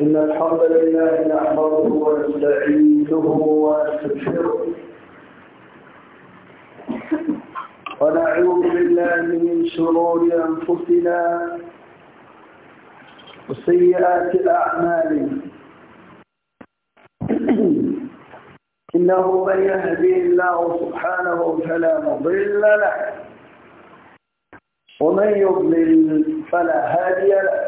إن الحمد لله نحمده ونستعينه ونستغفره ونعوذ بالله من شرور أنفسنا وسيئات الأعمال إنه من يهدي الله سبحانه فلا مضل له ومن يضلل فلا هادي له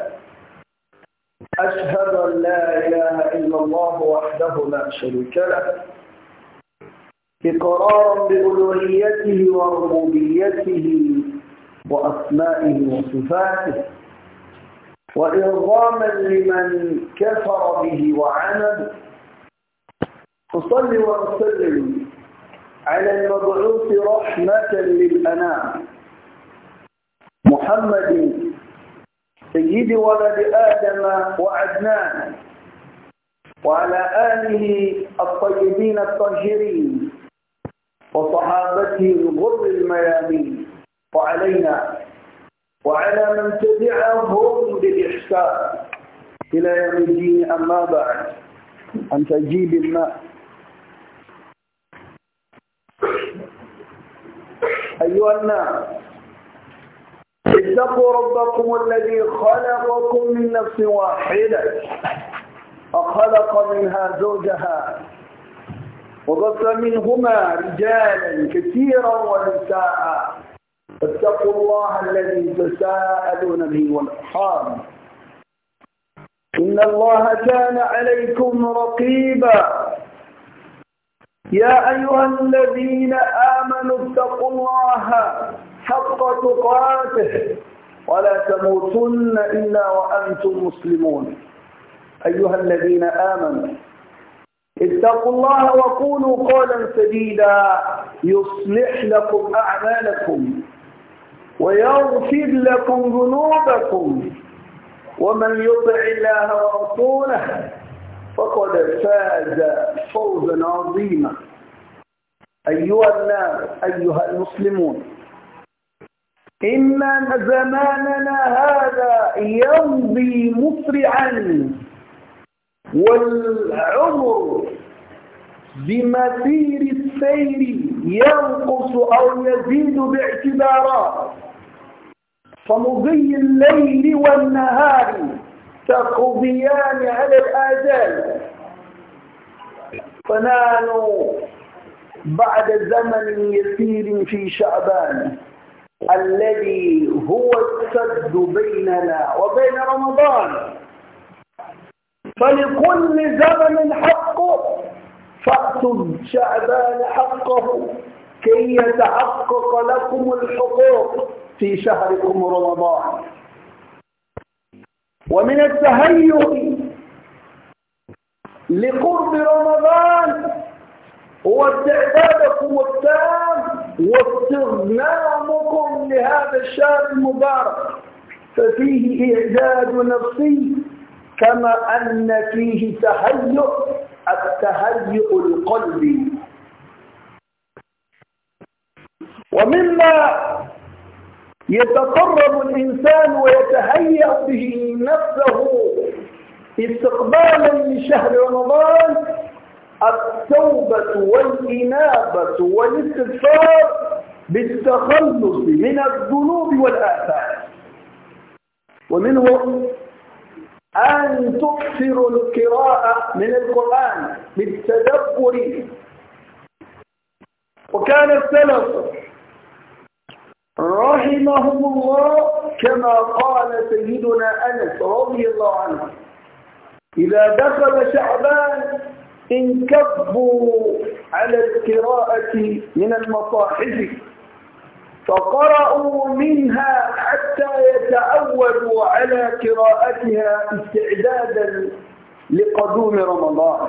أشهد أن لا إله إلا الله وحده لا شريك له إقرارا بألوهيته وربوبيته وأسمائه وصفاته وإرغاما لمن كفر به وعند أصلي وأسلم على المبعوث رحمة للأنام محمد سيد ولد آدم وعدنان وعلى آله الطيبين الطاهرين وصحابته الغر الميامين وعلينا وعلى من تبعهم بالإحسان إلى يوم الدين أما بعد أن تجيب الماء أيها الناس اتقوا ربكم الذي خلقكم من نفس واحدة وخلق منها زوجها وبث منهما رجالا كثيرا ونساء فاتقوا الله الذي تساءلون به والارحام ان الله كان عليكم رقيبا يا ايها الذين امنوا اتقوا الله حق تقاته ولا تموتن إلا وأنتم مسلمون أيها الذين آمنوا اتقوا الله وقولوا قولا سديدا يصلح لكم أعمالكم ويغفر لكم ذنوبكم ومن يطع الله ورسوله فقد فاز فوزا عظيما أيها الناس أيها المسلمون إن زماننا هذا يمضي مسرعا والعمر بمسير السير ينقص أو يزيد باعتبارات فمضي الليل والنهار تقضيان على الآجال فنالوا بعد زمن يسير في شعبان الذي هو السد بيننا وبين رمضان فلكل زمن حقه فاقتل شعبان حقه كي يتحقق لكم الحقوق في شهركم رمضان ومن التهيؤ لقرب رمضان هو استعدادكم التام واستغنام لهذا الشهر المبارك ففيه إعداد نفسي كما أن فيه تهيؤ التهيؤ القلبي ومما يتقرب الإنسان ويتهيأ به نفسه استقبالا لشهر رمضان التوبة والإنابة والاستغفار بالتخلص من الذنوب والآثام ومنه أن تكثر القراءة من القرآن بالتدبر وكان السلف رحمهم الله كما قال سيدنا أنس رضي الله عنه إذا دخل شعبان انكبوا على القراءة من المصاحف فقرأوا منها حتى يتعودوا على قراءتها استعدادا لقدوم رمضان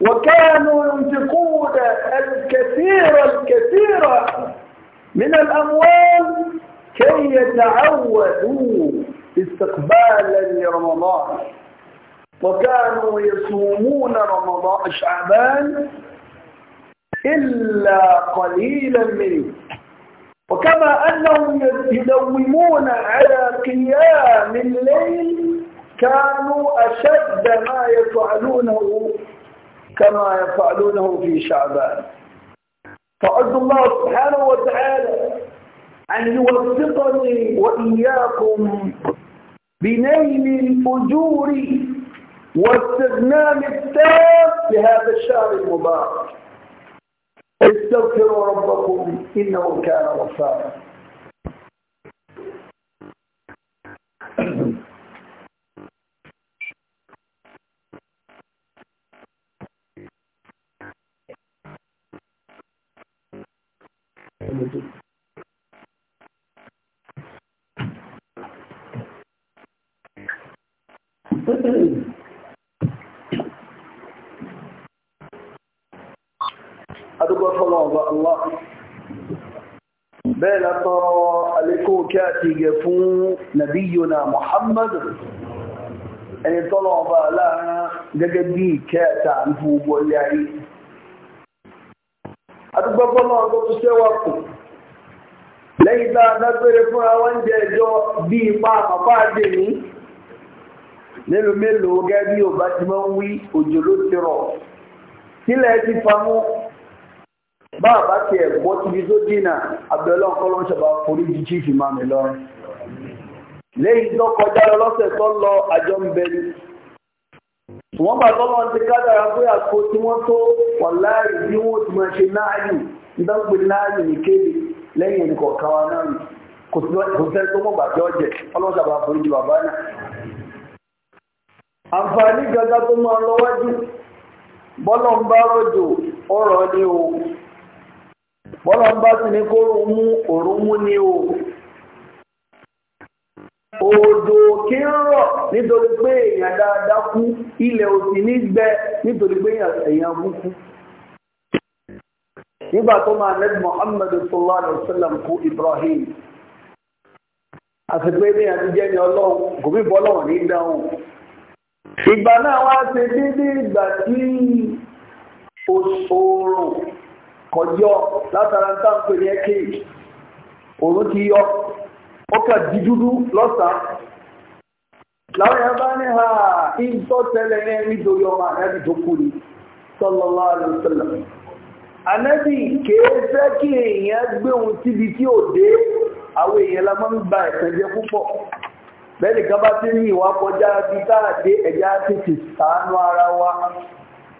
وكانوا ينفقون الكثير الكثير من الأموال كي يتعودوا استقبالا لرمضان وكانوا يصومون رمضان شعبان إلا قليلا منه وكما أنهم يدومون على قيام الليل كانوا أشد ما يفعلونه كما يفعلونه في شعبان فعز الله سبحانه وتعالى أن يوفقني وإياكم بنيل الأجور واستغنام التام لهذا الشهر المبارك استغفروا ربكم إنه كان غفارا Thank you. adúgbò fọ́lọ̀ Allah bẹ́ẹ̀ látọrọ alékòó kí a ti gẹ fún nabiyyuna Muhammadu, ẹni tọ́lọ̀ ọba gẹ́gẹ́ bí ìkẹta ń fún gbogbo ilé ayé adúgbò fọ́lọ̀ tó ṣẹ́wà kù lẹ́yìn tá a dágbére fúnra wọn jẹ́ ẹjọ́ bí ipa àpapá àdè ní mélòó mélòó gẹ́gẹ́ bí bá a bá ti ẹ̀gbọ́ tíbi tó dínà abẹ́lọ́ kọ́lọ́ forí di chief imam lọ lẹ́yìn tó kọjá lọ lọ́sẹ̀ tó lọ àjọ ń bẹ wọ́n bá tọ́lọ́ ti kádàrá pé àpò tí wọ́n tó wà láàyè bí wọ́n ti máa ṣe náàyè ìdánpé náàyè nìkéde lẹ́yìn ẹnìkọ̀ o bọ́lá ń bá sì ní kó mú òrùn ni o òdò kí ń rọ̀ nítorí pé èèyàn dáadáa kú ilẹ̀ òsì ní gbẹ nítorí pé èèyàn kú kú nígbà tó máa nẹ́bí Muhammad sallallahu alaihi wasallam kú Ibrahim àti pé èèyàn ti jẹ́ ní ọlọ́run kò bí bọ́ lọ́wọ́ ní dáhùn ìgbà náà wá ṣe déédéé ìgbà tí òṣòrò kọjọ́ látara ń tàn pèrè ẹ́kẹ́ òun ti yọ ó kà di láwọn bá ní ha ìtọ́ tó kú ni sallallahu alaihi wasallam ànábì kí èèyàn gbé òun síbi tí ò dé àwọn èèyàn la máa ń gba ẹ̀sẹ̀ jẹ púpọ̀ bẹ́ẹ̀ni bá ti ní ìwà kọjá bí táàdé ẹ̀já tètè ṣàánú ara wa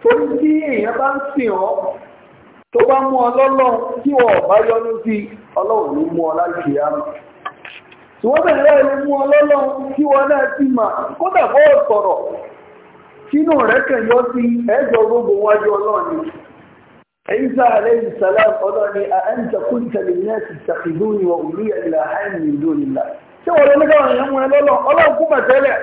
tó ń tí bá ń sìn ọ́ tó bá mú ọ lọ́lọ́ tí wọ́n bá yọnú sí ọlọ́run ní mú ọ láti àmà tí wọ́n bẹ̀rẹ̀ ẹni mú ọ lọ́lọ́ tí wọ́n náà ti mà kódà bọ́ sọ̀rọ̀ sínú rẹ̀ kẹ̀yọ́ sí ẹ̀jọ̀ gbogbo wájú ọlọ́run عيسى عليه السلام قال لي أأنت للناس اتخذوني وأولي إلهين من دون الله ṣé wọ́n lè ní káwọn èèyàn mú ẹ lọ́lọ́ ọlọ́run kú mọ̀ tẹ́lẹ̀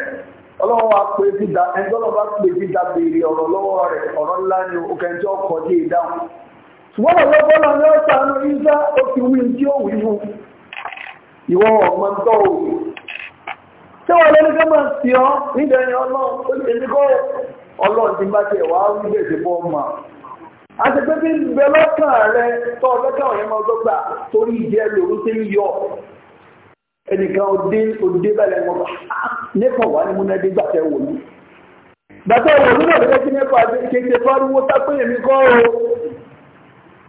ọlọ́run wa pé fìdá ẹni tọ́lọ́ bá pè fìdá béèrè ọ̀rọ̀ lọ́wọ́ rẹ̀ ọ̀rọ̀ ńlá ni òkè tí ó kọjú ìdáhùn ṣùgbọ́n bàbá bọ́lá ní ọ̀sán àánú ìsá ó fi wí tí ó wí fún ìwọ ọmọ ń tọ́ òwe ṣé wọn lórí fẹ́ máa sí ọ nígbà ẹni ọlọ́run ó lè ní kọ́ ọlọ́run ti bá tẹ̀ wá wí bẹ̀sẹ̀ bọ́ ọmọ a ti pé bí bẹ lọ́kàn rẹ tọ́ ọlọ́kàn yẹn máa dọ́gba torí ìjẹ́ lòun ti ń yọ ẹnìkan òde òde bẹ́ẹ̀ lọ́wọ́ ah, nípa wà ní múnadé gbàtẹ́ wò ní gbàtẹ́ wò ní náà lọ́kẹ́ kí nípa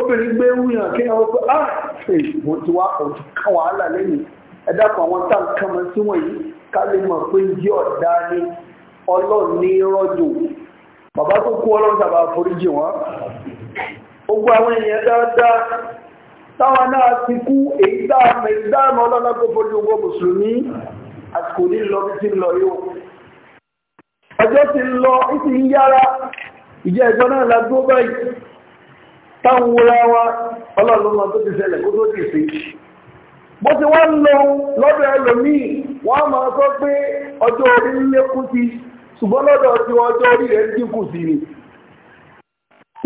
obìnrin gbé wúyàn kí wọ́n pẹ́ ah ṣe wọ́n ti wá ọ̀tí kan wàhálà lẹ́yìn ẹ̀dá kan àwọn tá nǹkan mọ sí wọ̀nyí ká lè mọ̀ pé yí ọ̀dá ni ọlọ́run ní rọ́jò bàbá tó kú ọlọ́run sábà foríjì wọn gbogbo àwọn èèyàn dáadáa táwọn náà ti kú èyí dáàmù èyí dáàmù ọlọ́run kó forí gbogbo mùsùlùmí àsìkò ní lọ bí ti ń lọ yóò ọjọ́ táwọn wúra wá ọlọ́ọ̀lọ́mọ tó ti ṣẹlẹ̀ kó tó ti ṣe bó ti wá ń lọ lọ́dọ̀ ẹlòmíì wọ́n á máa sọ pé ọjọ́ orí ṣùgbọ́n lọ́dọ̀ ti ọjọ́ orí rẹ̀ dínkù sí ni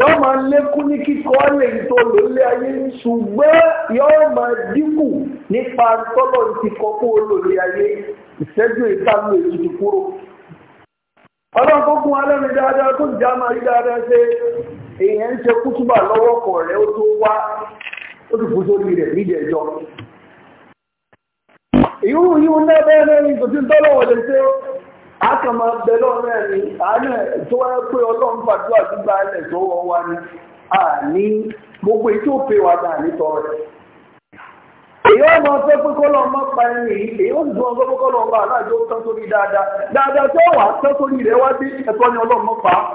yọ́ máa lékún ní kíkọ́ lè tó lólé ayé ṣùgbọ́n yọ́ máa dínkù èèyàn ń ṣe kútùbà lọ́wọ́ kọ̀ rẹ̀ ó tó wá ó ti fún sórí rẹ̀ nídìí ẹjọ́ ìrú yíò náà bẹ́ẹ̀ náà ní tòtí tọ́lọ́wọ̀ lè ṣe àkàmà bẹ̀lọ́ ní àánú tó pé ọlọ́run fàdúrà tó wá ní àní gbogbo ètò òpè rẹ̀ èyí máa fẹ́ pé kọ́lọ́ pa èyí ó dùn kọ́lọ́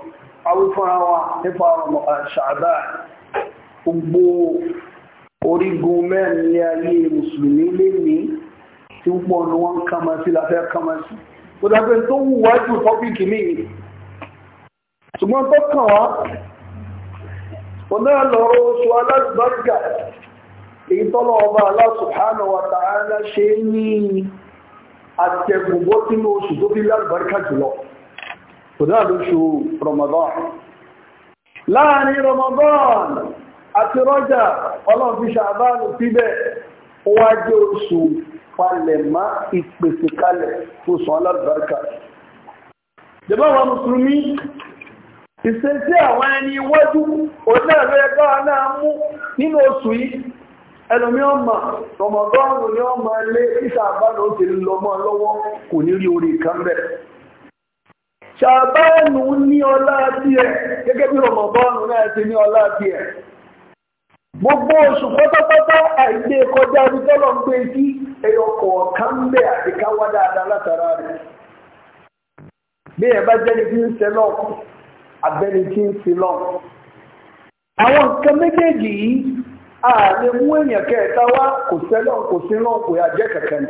awífúnra wa nípa ṣàdá gbogbo orígun mẹ́rin ní ayé mùsùlùmí lé ní tí ń pọ̀ ní wọ́n kama sí láfẹ́ kama sí kò dágbé tó wù wá jù tọ́pìkì ní ṣùgbọ́n tó kàn wá kò náà lọ́rọ̀ oṣù alágbàgbà èyí tọ́lọ̀ ọba Allah subhanahu kò náà lóṣù Ramadan láàrin Ramadan àti rọ́jà ọlọ́run fi ṣàbánu síbẹ̀ ó wá jẹ́ oṣù palẹ̀má ìpèsè kalẹ̀ tó sàn alábàárkà jẹba àwọn mùsùlùmí ìṣe sí àwọn ẹni iwájú òun náà ló yẹ káwa ọmọ lọ́wọ́ kò ní rí orí kan ṣàbáànù ní ọlá tí ẹ̀ gẹ́gẹ́ bí rọmọbọ́ọ̀nù náà ti ní ọlá gbogbo oṣù pátápátá a kọjá abitọ́lọ̀ ń gbé sí ẹyọ kọ̀ọ̀kan àti káwá látara rẹ̀ bí ẹ bá jẹ́ni tí ń ṣe lọ abẹ́ni tí ń ṣe lọ. àwọn nǹkan méjèèjì yìí mú kẹta wá kò sẹ́lọ̀ kò sí kò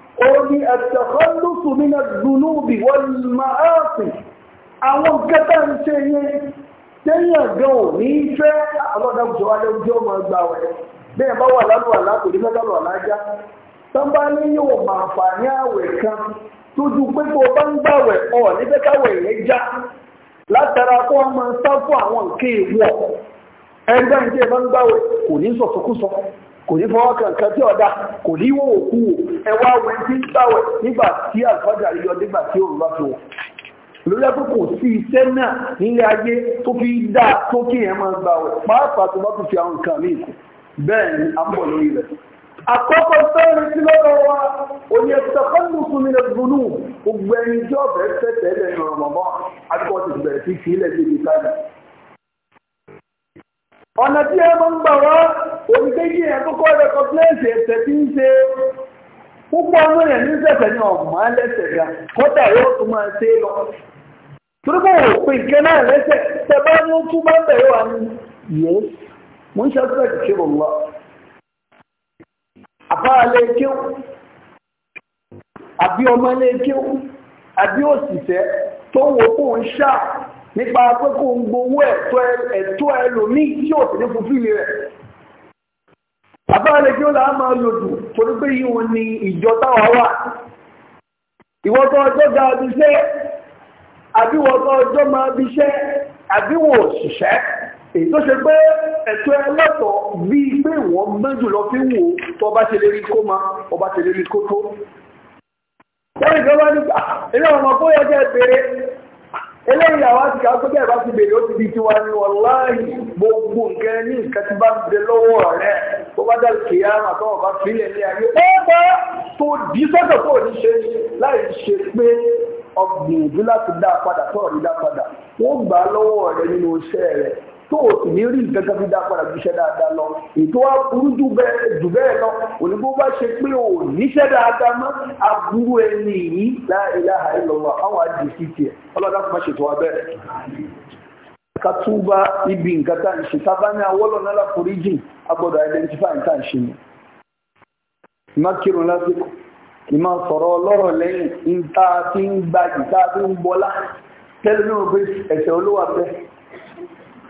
òun ni at-takhallus min adh-dhunubi wal-ma'asi àwọn kẹta ń ṣe yẹn tẹ́yìn gan ò ní fẹ́ ọlọ́dàbùsọ̀ wa lẹ́wọ́jọ́ máa gbà wẹ̀ bẹ́ẹ̀ bá wà lálùwà látòdì mẹ́tàlù àlájá tọ́ba ní yóò máa fà ní àwẹ̀ kan tójú pé tó bá ń gbàwẹ̀ ọ̀ níbẹ̀ káwẹ̀ yẹn já látara kó wọn máa sá fún àwọn nǹkan èèwọ̀ ẹgbẹ́ ń kò ní fọwọ́ kankan tí ọ̀dá kò ní wò òkú ẹwà wẹ̀ tí ń sáwẹ̀ nígbà tí àfọ́jà yọ nígbà tí òun bá fi wọ̀ lórí ẹgbẹ́ kò sí iṣẹ́ náà nílé ayé tó fi dá tó kí ẹ máa gbà wẹ̀ pàápàá tó bá tún fi àwọn nǹkan míì kù bẹ́ẹ̀ ni a ń bọ̀ lórí rẹ̀ àkọ́kọ́ sẹ́rin sí lọ́dọ̀ wa òye ṣàkọ́nùkù ní ẹgbùnú gbogbo ẹni tí ọ̀bẹ fẹ́ tẹ́lẹ̀ ní ọ̀rọ̀ mọ́mọ́ àti kọ́ ti bẹ̀rẹ̀ sí ìfilẹ̀ sí ọ̀nà tí ẹ máa ń gbà wá oníkéjì yẹn kókó ẹ̀rẹ́ kọ́pílẹ́ǹsì ẹ̀sẹ̀ tí ń ṣe púpọ̀ ọmọ yẹn ní sẹ̀sẹ̀ ní ọ̀mọ́ ẹlẹ́sẹ̀ ga kọ́tà yóò tún máa ṣe é lọ. turbo òpin ìkẹ́ náà lẹ́sẹ̀ tẹ bá ní ó tún bá bẹ̀rẹ̀ wà ní yẹn mo ń ṣàtúnṣe ìṣe bọ̀ wá. àbáalẹ̀ kéw àbí ọmọ ilé àbí òṣìṣẹ́ tó wọ fóun ṣáà nípa pé kó ń gbowó ẹ̀tọ́ ẹlòmíì tí yóò sì ní fúfílì rẹ̀ àbára kí ó láà máa lòdù torí pé yíò ni ìjọ táwa wà ìwọ́tọ̀ ọjọ́ ga abiṣẹ́ àbíwọ́tọ̀ ọjọ́ máa biṣẹ́ àbíwọ̀ òṣìṣẹ́ èyí tó ṣe pé ẹ̀tọ́ ẹlẹ́tọ̀ bíi pé wọ́n mẹ́jù lọ fi wò tó bá ṣe lè rí kó ma ọba ṣe lè rí kó tó. wọ́n ìjọba ní ilé ọmọ bóyá jẹ́ eléyìí àwọn àti kàá tó bẹ́ẹ̀ bá ti bèrè ó ti di tiwa ni wàláhì gbogbo nǹkan ní nǹkan tí bá ń bẹ lọ́wọ́ rẹ̀ tó bá dàrú kìí àmà tó wọn bá filẹ̀ ní ayé ọgbà tó di sọ́dọ̀ tó ní ṣe láì ṣe pé ọgbìn láti dá padà tó ọ̀rí dá padà wọ́n gbà lọ́wọ́ rẹ̀ nínú iṣẹ́ rẹ̀ tó o sì ní rí gẹ́gẹ́ bí dápadà jíṣẹ́ dáadáa lọ ètò aburú jù bẹ́ẹ̀ lọ òníbó bá ṣe pé o níṣẹ́ dáadáa mọ́ aburú ẹni yìí la ilaha illallah àwọn àjèsí tiẹ̀ ọlọ́dà fún ṣètò abẹ́ ká ibi nǹkan tá à ń ṣe tá ní awọ́lọ̀ náà láforíjì identify nǹkan ṣe ni kírun lásìkò sọ̀rọ̀ ọlọ́rọ̀ lẹ́yìn ń gbajì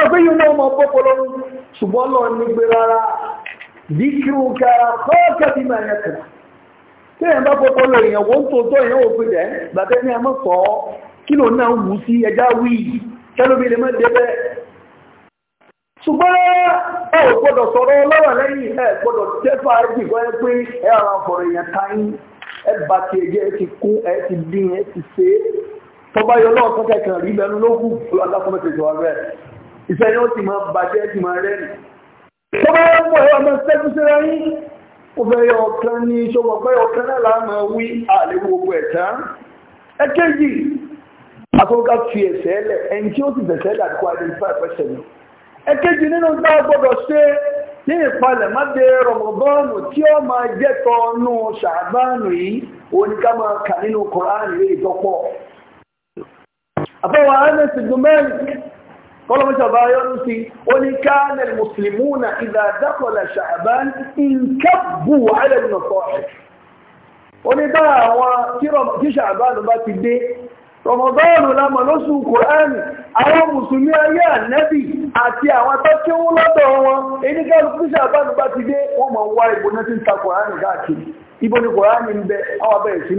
ẹgbẹ́ yìí náà mọ̀ pọ́pọ̀lọ́ ṣùgbọ́n lọ ní rárá díkìrù kára kọ́ọ̀kẹ́ bí máa yẹ kìlá tí èèyàn bá pọ́pọ̀lọ́ èèyàn wọ́n tó tọ́ èèyàn ò gbẹ̀dẹ̀ gbàtẹ́ ní ẹmọ́ sọ kí ló náà wù sí ẹjá wí kẹ́lómi lè má débẹ̀ ṣùgbọ́n ẹ ò gbọ́dọ̀ sọ̀rọ̀ ọlọ́wà lẹ́yìn ẹ gbọ́dọ̀ ti ti ti kan ìfẹ́ ni ó ti máa bàjẹ́ ti máa rẹ́rì tó bá wọ́n pọ̀ ọmọ sẹ́kù síra yín ó fẹ́ yọ ọ̀kan ní ṣọwọ́ pé ọ̀kan náà láà máa wí àléwu gbogbo ẹ̀tá ẹ̀kẹ́jì àfọwọ́ká fi ẹ̀sẹ̀ ẹlẹ̀ ẹni tí ó sì bẹ̀sẹ̀ ẹ̀dà kó identify person náà ẹ̀kẹ́jì nínú tá a gbọ́dọ̀ ṣe ní ìpalẹ̀ má de rọ̀mọ̀bọ́ọ̀nù tí ó máa jẹ́ tọ́nú ṣàbánù yìí òun ká máa kà nínú kọ̀ọ̀án ìwé ìtọ́pọ̀ àfọwọ́ Anas ibn Malik kọ́lọ́mọ́sá bá yọ́nú sí ó ní káàlẹ̀ mùsùlùmúnà ìdàdàkọ̀lá ṣàbán ìkẹ́bù alẹ́ nọ̀tọ̀ ẹ̀ ó ní bá àwọn tí ṣàbán bá ti dé rọmọdọ́ọ̀nù lámọ̀ lóṣù kòránì àwọn mùsùlùmí ayé ànẹ́bì àti àwọn tọ́kíwú lọ́dọ̀ wọn eníkẹ́lù tí ṣàbán bá ti dé wọ́n mọ̀ wá ìbò náà ti ń ta kòránì káàkiri ibo ni kòránì ń bẹ àwọn abẹ́rẹ̀ sí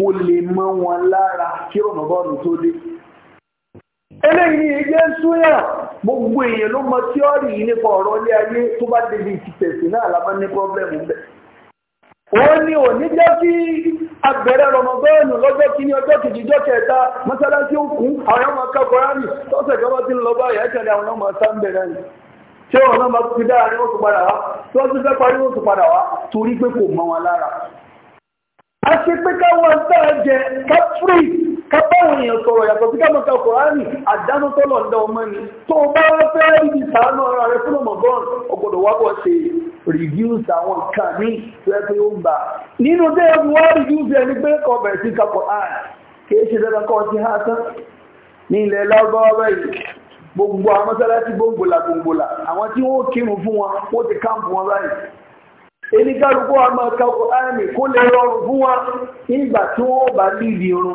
kò lè mọ́ wọn lára kí rọmọdọ́ọ̀nù tó dé eléyìí ilé ń súnyà gbogbo èèyàn ló mọ tíọ́rì yìí nípa ọ̀rọ̀ ilé ayé tó bá débi ìtìtẹ̀sí náà la máa ní pọ́blẹ́mù bẹ́ẹ̀. òun ni òní jẹ́ kí abẹ̀rẹ̀ rọmọgọ́ọ̀nù lọ́jọ́ kìíní ọjọ́ kejì ọjọ́ kẹta mọ́sálásí ó àwọn ọmọ akẹ́kọ̀ọ́rá nì tọ́sẹ̀ kọ́kọ́ tí ń lọ báyìí ẹ̀kẹ́lẹ́ àwọn ti fẹ́ parí oṣù padà wá torí pé kò mọ wọn lára. a ṣe pé káwọn a jẹ ka èèyàn sọ̀rọ̀ yàtọ̀ sí kámọ́ta kòránì àdánú tọ́lọ̀ ń dá ọmọ ni tó bá fẹ́ ibi ara rẹ fún ọmọgán ọgbọ̀dọ̀ wákọ̀ ṣe rìdíùsì àwọn nǹkan ní ó ń nínú tẹ́ ẹ wá ẹni pé kọ bẹ̀rẹ̀ sí kìí ṣe dandan kọ́ tán ní ilẹ̀ gbogbo àwọn mọ́sálásí àwọn tí wọ́n kírun fún wọn wọ́n ti wọn báyìí àmọ́ kó lè rọrùn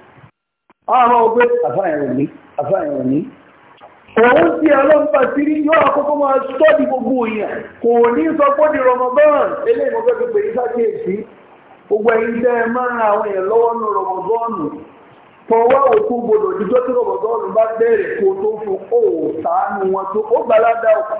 àwọn ọgbẹ́ àfáàyàn òní àfáàyàn òní òun sí ọlọ́pàá sí rí yóò àkọ́kọ́ máa sọ́ọ̀dì gbogbo èèyàn kò ní sọ pé ní Ramadan eléyìí mọ́fẹ́ fi pè ní sákèèsí gbogbo ẹ̀yin tẹ́ ẹ máa ra àwọn èèyàn lọ́wọ́ nù Ramadan fọwọ́ òkú gbọdọ̀ ìjọ́ tí Ramadan bá bẹ̀rẹ̀ kó tó fún òòtánú wọn tó ó gbalada ọkọ̀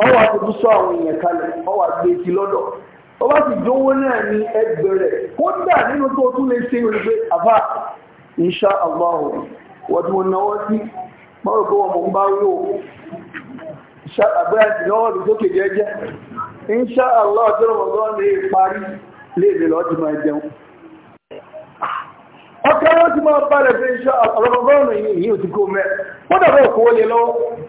ọwọ́ àti búsọ àwọn èèyàn kalẹ̀ ọwọ́ dị lọ́dọ̀ ó ọ sì náà ní ẹgbẹ̀rẹ̀ kódà nínú tó tún lè ṣe olùgbé àbá insha Allah wọ́n tí wọ́n náwọ́ sí mọ́rùn kó wọ́n mọ̀ ń bá rí o àbúrájì tó kèjẹ́ jẹ́ lè parí lè lè lọ́ ti máa jẹun ọkọ̀ ti máa bá rẹ̀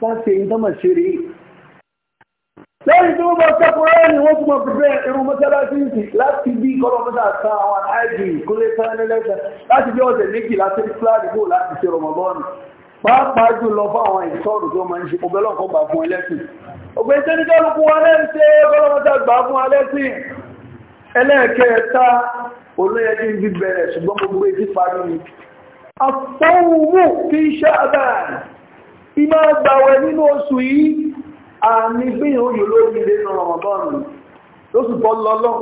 wọ́n ṣe ń tọ́mọ̀ ṣe rí. lẹ́yìn tí wọ́n bá sẹ́kọ̀ọ́ ni wọ́n tún mọ̀ pípẹ́ irun mọ́sálásí ń sì láti bí kọ́lọ́mọ́sá kan àwọn àìjì kólé sánilẹ́sẹ̀ láti bí ọ̀sẹ̀ méjì láti fúláàdì kó láti ṣe rọmọbọ́ọ̀nù pàápàá jùlọ fún àwọn ìṣọ́ọ̀rù tó máa ń ṣe ọgbẹ́ lọ́kọ̀ gbà fún ẹlẹ́sìn ògbé tí ní kẹ́lùkù wọn lẹ́sẹ̀ ọgọ́lọ́mọ́ta gbà fún ìmọ̀ gbàwẹ̀ nínú oṣù yìí àmì gbìyàn òyò lórí ilé ní ọmọdọ́rùn lóṣù bọ́ lọ́lọ́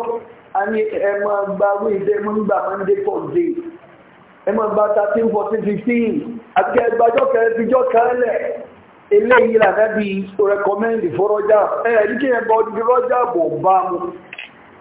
a ní ẹmọ gba wíìdẹ́ mọ́ nígbà monday thursday ẹmọ gba thirteen fourteen fifteen àti ẹgbàjọ́ kẹrẹfijọ́ kẹrẹlẹ̀ eléyìí làdábì rẹkọmẹ́ndì fọ́rọ́jà ẹ̀ẹ́dí kí ẹ bọ́ ọdún fọ́rọ́jà bò bá mu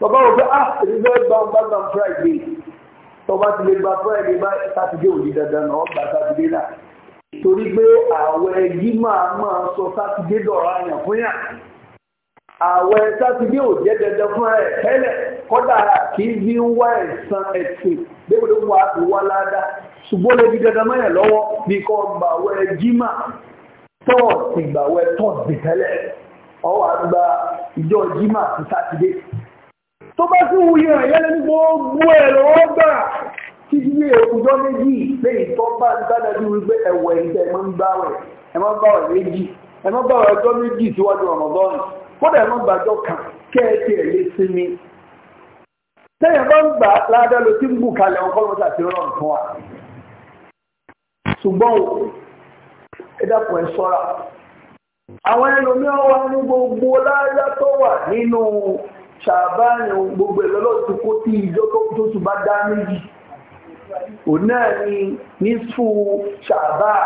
bàbá wò pé ah èmi fẹ́ gba ọgbà gba friday tọba ti lè gba friday bá Saturday òní dandan náà gba Saturday náà torí pé àwẹ̀ yìí máa máa sọ sátidé dọ̀rọ̀ àyàn fún yàn àwẹ̀ sátidé ò jẹ́ dandan fún ẹ̀ tẹ́lẹ̀ kọ́dà kì í bí ń wá ẹ̀san ẹ̀sìn débìlì ń wá ìwá ládàá ṣùgbọ́n lè di dandan mẹ́yàn lọ́wọ́ bí kò gbàwẹ̀ jimá tọ́ọ̀sì gbàwẹ̀ tọ́ọ̀sì tẹ́lẹ̀ ọwọ́ àgbà ìjọ jimá ti sátidé tó bá sí wuyẹ àyẹ́lẹ́ ní gbogbo ẹ̀ lọ́wọ́ gbà kí ilé òkùnjọ́ méjì pé ìtọ́pá dáadájú wípé ẹ̀wọ̀ ẹ̀jẹ̀ ẹ̀ máa ń gbáwẹ̀ ẹ̀ máa ń gbáwẹ̀ méjì ẹ̀ máa ń gbáwẹ̀ ọjọ́ méjì síwájú ọ̀mọ̀gọ́rùn kódà ẹ̀ máa ń gbàjọ́ kan kẹ́ẹ̀kẹ́ ẹ̀ lé sí mi. sẹ́yìn bá ń gbà ládàá ló ti ń bù kalẹ̀ ọkọ ló tàbí rọrùn fún wa. ṣùgbọ́n ẹ dàpọ̀ ẹ ṣọ́ra àwọn ẹlòmíràn wà ní gbogbo láyá tó wà nínú ṣàbáàní ohun gbogbo ìlọ́lọ́ ti kó tí ìjọ tó tún bá dá méjì òun náà ni nísù ṣàbáà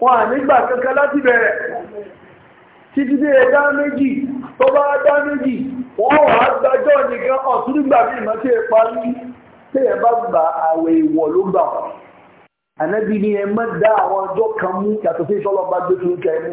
wọn à nígbà kankan láti bẹ̀rẹ̀ títí dé dá méjì tó bá dá méjì wọ́n wà á gbàjọ́ nìkan ọ̀tún nígbà bí ìmọ̀ tí ẹ parí tí ẹ bá gba àwẹ̀ ìwọ̀ ló gbà wọ́n ànábì ni ẹ má dá àwọn ọjọ́ kan mú yàtọ̀ sí ìṣọ́lọ́ba gbé tuntun kẹ́ mú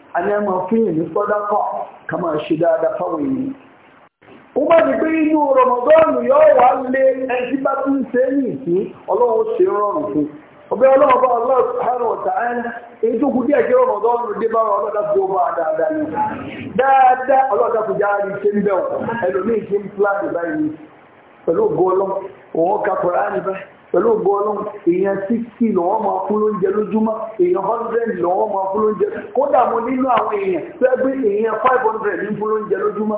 a ní ẹmọ fún yìí ní sọ́dọ́kọ̀ ká máa ṣe dáadáa fáwọn èèyàn ó bá di pé inú rọmọdọ́ọ̀nù yóò wá lé ẹtí bá tún ṣe ní ìsín ọlọ́run ṣe rọrùn fún ọbẹ̀ ọlọ́run bá ọlọ́run sáré ọ̀tá ẹni èyí tó kú díẹ̀ kí rọmọdọ́ọ̀nù dé bá ọlọ́dà tó bá dáadáa ní dáadáa ọlọ́dà kò já rí ṣe ń bẹ̀ ẹlòmíì ṣe ń pílánì báyìí pẹ̀lú ògo ọlọ́run òun ká pẹ̀lú ògbó ọlọ́run èèyàn sixty lọ́wọ́ máa fún lóúnjẹ lójúmọ́ èèyàn hundred lọ́wọ́ máa fún lóúnjẹ kódà mo nínú àwọn èèyàn fẹ́gbẹ́ èèyàn five hundred ní fún lóúnjẹ lójúmọ́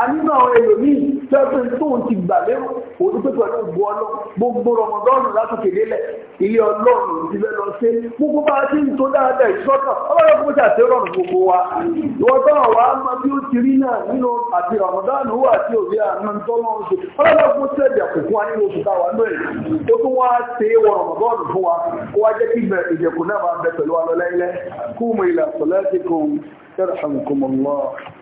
a nínú àwọn ẹlòmíì fẹ́gbẹ́ tóun ti gbà lérò òun pé pẹ̀lú ògbó ọlọ́run gbogbo rọmọdọ́ọ̀nù látòkè délẹ̀ ilé ọlọ́run ti fẹ́ lọ sí a ti ń tó dáadáa ìṣọ́tàn ọlọ́run kò ṣàṣe rọrùn gbogbo wa ìwọ́tọ́ àwa máa bí ó ti rí náà nínú àti rọmọdọ́ọ̀nù wà àti òbí àná tọ́lọ́run ṣe ọlọ́run kò ṣẹ̀dẹ̀ kò fún wa nínú oṣù táwa náà tún wá ṣe é wọ rọmọdọ́ọ̀nù fún wa kó wá jẹ́ kí ìjẹ̀kùn náà máa bẹ pẹ̀lú wa lọ láyé lẹ́ kúmù ìlà sọ̀lẹ́tìkùn tẹ̀rẹ̀